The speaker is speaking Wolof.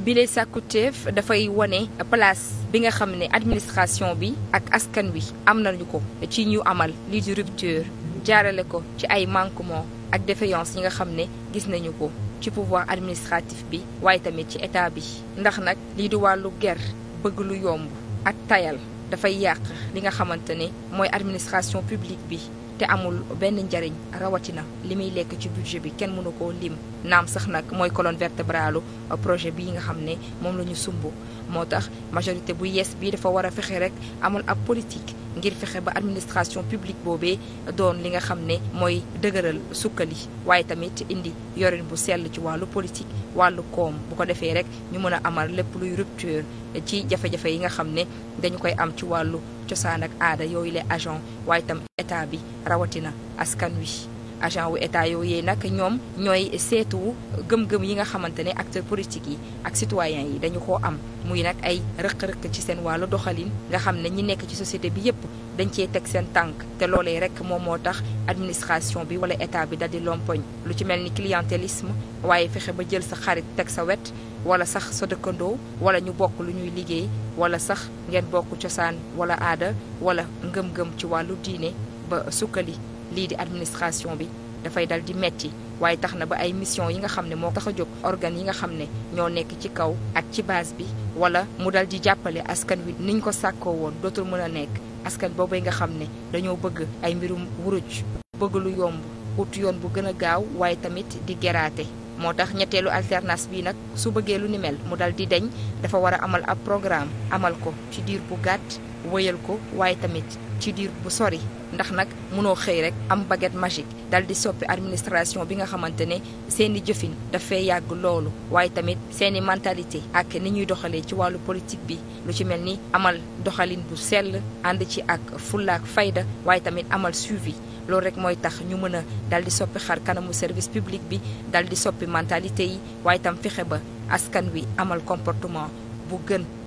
bile sàkkuteef dafay wane place bi nga xam ne administration bi ak askan wi am nañu ko ci ñu amal lii di rupture jaarale ko ci ay manquement ak défaillance yi nga xam ne gis nañu ko ci pouvoir administratif bi waaye tamit ci état bi ndax nag lii di wàllu ger bëgg lu yomb ak tayel dafay yàq li nga xamante ne mooy administration publique bi te amul benn njariñ rawatina li muy lekk ci budget bi kenn mënu ko lim naam sax nag mooy colonne vertébrale euh, projet bii nga xam ne moom la ñu sumb moo tax majorité bu yees bii dafa war a fexe rek amul ab politique ngir fexe ba administration publique boobee doon li nga xam ne mooy dëgëral sukkali waaye tamit indi yorin bu sell ci wàllu politique wàllu koom bu ko defee rek ñu mën a amal lépp luy rupture ci jafe-jafe yi nga xam ne dañu koy am ci wàllu cosaan ak aada yooyu les agents waaye tam état bi rawatina askan wi agent wu état yooyu nag ñoom ñooy seetu gëm-gëm yi nga xamante ne acteurs politiques yi ak citoyens yi dañu ko am muy nag ay rëq-rëq ci seen wàllu doxalin nga xam ne ñi nekk ci société bi yépp dañ cee teg seen tànk te loolee rek moom moo tax administration bi wala état bi daldi lompoñ lu ci mel ni clientélisme waaye fexe ba jël sa xarit teg sa wet wala sax sa dëkkandoo wala ñu bokk lu ñuy liggéey wala sax ngeen bokk cosaan wala aada wala ngëm-ngëm ci wàllu diine ba sukkali lii di administration bi dafay dal di metti waaye tax na ba ay mission yi nga xam ne moo tax a jóg organes yi nga xam ne ñoo nekk ci kaw ak ci baas bi wala mu dal di jàppale askan wi niñ ko sàkkoo woon dootul mën a nekk askan boobay nga xam ne dañoo bëgg ay mbirum wuruj bëgg lu yomb ut yoon bu gën a gaaw waaye tamit di geraate moo tax ñetteelu alternance bi nag su bëggee lu ni mu dal di deñ dafa war a amal ab programme amal ko ci diir bu gàtt wëyal ko waaye tamit ci diir bu sori ndax nag mënoo xëy rek am baguette magique dal di soppi administration bi nga xamante ne seen i jëfin dafay yàgg loolu waaye tamit seen i mentalité ak ni ñuy doxalee ci wàllu politique bi lu ci mel ni amal doxalin bu sell ànd ci ak fullaak fayda waaye tamit amal suivi loolu rek mooy tax ñu mën a dal di soppi xar kanamu service public bi dal di soppi mentalité yi waaye tam fexe ba askan wi amal comportement bu gën